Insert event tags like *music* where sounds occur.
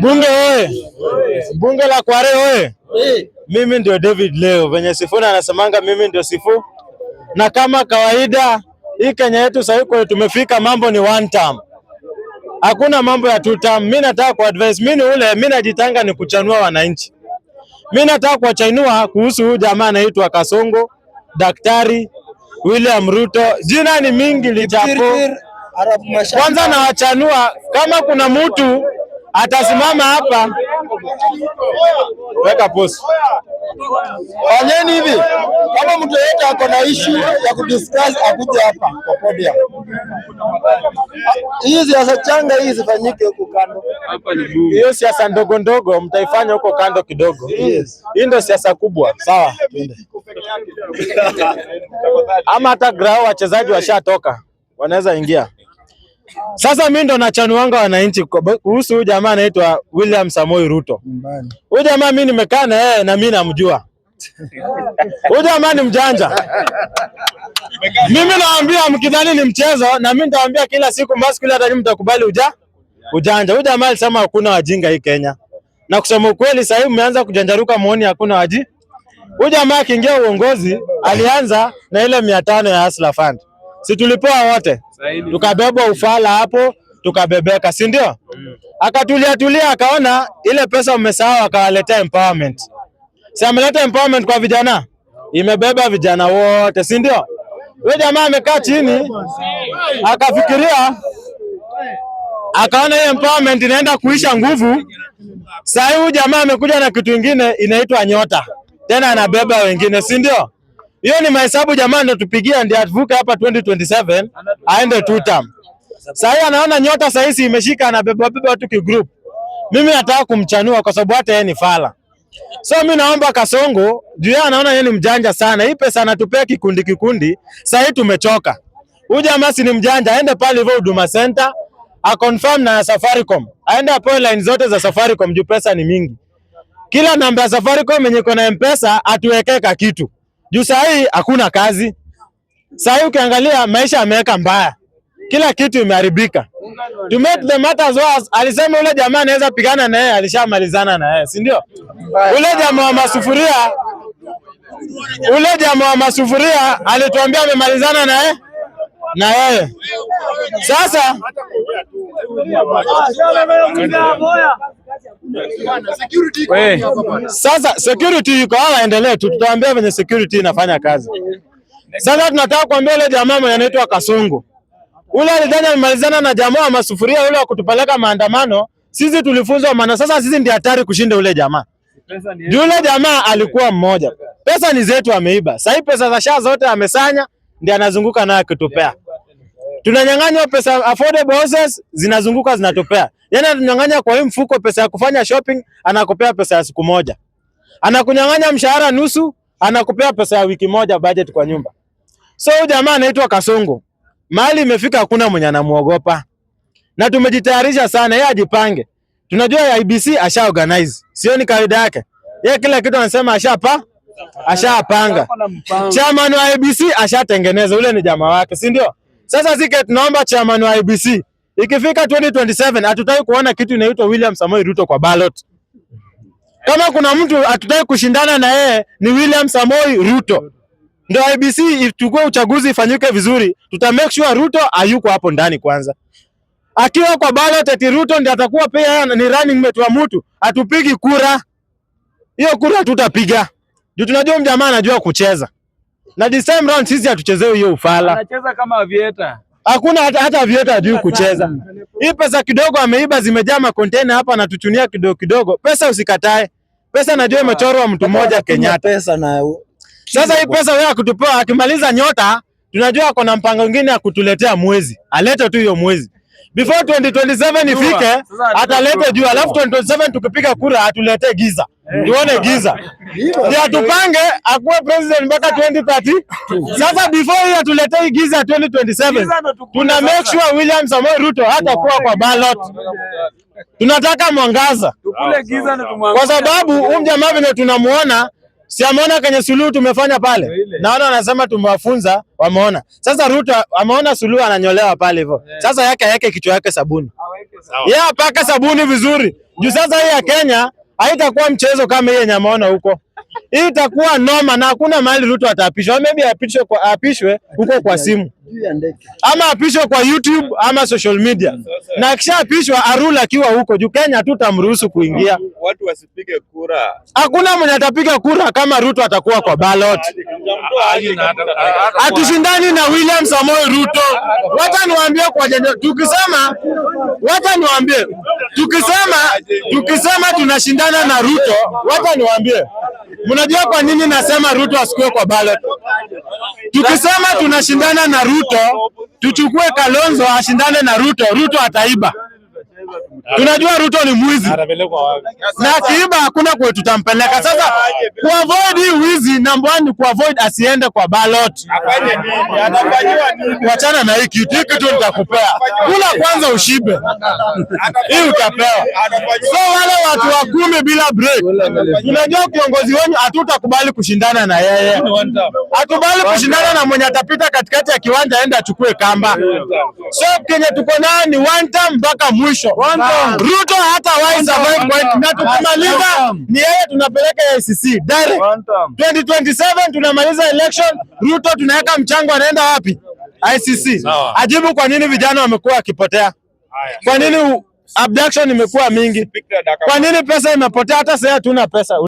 Bunge oye! Bunge la Kware oye! Mimi ndio David Leo, venye Sifuna anasemanga mimi ndio Sifu, na kama kawaida hii Kenya yetu sasa iko tumefika, mambo ni one term, hakuna mambo ya two term. Mimi nataka ku advise, mimi ni ule, mi najitanga ni kuchanua wananchi. Mimi nataka kuwachanua kuhusu huyu jamaa anaitwa Kasongo, Daktari William Ruto, jina ni mingi lijapo kwanza nawachanua kama kuna mtu atasimama hapa, weka posi, fanyeni hivi. Kama mtu yeyote ako na ishu ya kudiscuss akuje hapa kwa podium. Hiyo siasa changa hii zifanyike huko kando, hiyo siasa ndogo ndogo mtaifanya huko kando kidogo. Hii ndio siasa kubwa, sawa? *laughs* Ama hata grao wachezaji washatoka, wanaweza ingia sasa mimi ndo nachanuanga wananchi kuhusu huyu jamaa anaitwa William Samoi Ruto. Huyu jamaa mimi nimekaa na yeye na mimi namjua. Huyu jamaa ni mjanja. Mimi naambia mkidhani ni mchezo na mimi nitawaambia kila siku maskuli hata nyinyi mtakubali uja ujanja. Huyu jamaa alisema hakuna wajinga hii Kenya. Na kusema ukweli sasa hivi umeanza kujanjaruka muone hakuna waji. Huyu jamaa akiingia uongozi alianza na ile 500 ya Hustler Fund. Si tulipewa wote tukabebwa ufala hapo tukabebeka, si ndio? Mm. Akatulia tulia, akaona ile pesa umesahau, akawaleta empowerment. Si ameleta empowerment kwa vijana, imebeba vijana wote, si ndio? Yule jamaa amekaa chini akafikiria, akaona hiyo empowerment inaenda kuisha nguvu. Sasa huyu jamaa amekuja na kitu ingine inaitwa nyota, tena anabeba wengine, si ndio? hiyo ni mahesabu jamaa ndio tupigia ndio atuvuke hapa 2027 aende two term. Sasa anaona nyota sahizi imeshika, anabeba beba watu ki group. Mimi nataka kumchanua kwa sababu hata yeye ni fala. So mimi naomba Kasongo juu yeye anaona yeye ni mjanja sana. Hii pesa anatupea kikundi kikundi. Sasa hii tumechoka. Huyu jamaa si ni mjanja, aende pale hivyo Huduma Center, a confirm na Safaricom. Aende apoe line zote za Safaricom juu pesa ni mingi. Kila namba ya Safaricom yenye iko na M-Pesa atuwekeka kitu juu saa hii hakuna kazi. Saa hii ukiangalia maisha yameweka mbaya, kila kitu imeharibika. To make the matters worse, alisema ule jamaa anaweza pigana na yeye, alishamalizana na yeye, si ndio? Ule jamaa wa masufuria, ule jamaa wa masufuria alituambia amemalizana na yeye na yeye sasa sasa security yuko hapa, endelee tu, tutaambia venye security inafanya kazi. Sasa tunataka kuambia ile jamaa mwenye anaitwa Kasongo, ule alidana amemalizana na jamaa wa masufuria ule wa kutupeleka maandamano. Sisi tulifunzwa maana, sasa sisi ndio hatari kushinda ule jamaa. Yule jamaa alikuwa mmoja, pesa ni zetu ameiba. Sasa pesa za shaa zote amesanya, ndio anazunguka nayo akitupea. Tunanyang'anywa pesa, affordable houses zinazunguka zinatupea Yaani ananyang'anya kwa hii mfuko pesa ya kufanya shopping, anakupea pesa ya siku moja. Anakunyang'anya mshahara nusu, anakupea pesa ya wiki moja budget kwa nyumba. So jamaa anaitwa Kasongo. mali imefika hakuna mwenye anamuogopa. Na tumejitayarisha sana, yeye ajipange. Tunajua ya IBC asha organize. Sio ni kawaida yake. ye, kila kitu anasema ashapa ashapanga. Chairman wa IBC ashatengeneza, ule ni jamaa wake, si ndio? Sasa sike tunaomba chairman wa IBC Ikifika 2027 hatutaki kuona kitu inaitwa William Samoei Ruto kwa ballot. Kama kuna mtu hatutaki kushindana na yeye ni William Samoei Ruto. Ndio IBC itukue uchaguzi ifanyike vizuri, tuta make sure Ruto hayuko hapo ndani kwanza. Akiwa kwa ballot ati Ruto ndiye atakuwa pia ni running mate wa mtu, atupigi kura. Hiyo kura tutapiga. Ndio tunajua mjamaa anajua kucheza. Na this time round sisi hatuchezewi hiyo ufala. Anacheza kama vieta hakuna hata, hata viota hajui kucheza. Hii pesa kidogo ameiba, zimejaa makontena hapa, anatuchunia kidogo kidogo. Pesa usikatae, pesa najua imechorwa mtu mmoja Kenyatta. Pesa na sasa hii pesa wewe akutupewa, akimaliza nyota, tunajua ako na mpango mwingine ya kutuletea mwezi, alete tu hiyo mwezi before 2027 ifike, atalete juu, alafu 2027 tukipiga kura atuletee giza nione giza ndio tupange akuwe president mpaka 2030. Sasa before hiyo tuletei giza 2027, tuna make sure William Samoei Ruto hata kuwa kwa ballot. Tunataka mwangaza kwa sababu huyu jamaa vile tunamuona Si kwenye Suluhu tumefanya pale, naona anasema tumewafunza, wameona. Sasa Ruto ameona Suluhu ananyolewa pale hivyo, sasa yake yake kichwa yake sabuni, yeye apake sabuni vizuri juu sasa hii ya Kenya haitakuwa mchezo kama ile nyamaona huko hii itakuwa noma na hakuna mahali Ruto ataapishwa. Maybe apishwe kwa apishwe huko kwa simu ama apishwe kwa YouTube ama social media, na akishaapishwa arula akiwa huko juu, Kenya tamruhusu kuingia. Watu wasipige kura, hakuna mwenye atapiga kura kama Ruto atakuwa kwa ballot. Hatushindani na William Samoei Ruto. Wacha niwaambie kwa jengo, tukisema wacha niwaambie, tukisema tukisema tunashindana na Ruto, wacha niwaambie Mnajua kwa nini nasema Ruto asikuwe kwa ballot? Tukisema tunashindana na Ruto, tuchukue Kalonzo ashindane na Ruto, Ruto ataiba. Tunajua Ruto ni mwizi na akiiba hakuna kwetu tutampeleka. Sasa avoid hii wizi, number one ni avoid asiende kwa ballot. Wachana na hiki hii kitu nitakupea, kula kwanza ushibe hii utapewa. So wale watu wa kumi bila break, tunajua kiongozi wenu hatutakubali kushindana na yeye, hatubali kushindana na mwenye atapita katikati ya kiwanja aende achukue kamba. So kenye tuko nayo ni one time mpaka mwisho one time. Ruto hata wai survive point na tukimaliza ni yeye tunapeleka ICC direct 2027 tunamaliza election. Ruto tunaweka mchango, anaenda wapi? ICC. Ajibu kwa nini vijana wamekuwa wakipotea? Kwa nini abduction imekuwa mingi? Kwa nini pesa imepotea? Hata sasa hatuna pesa.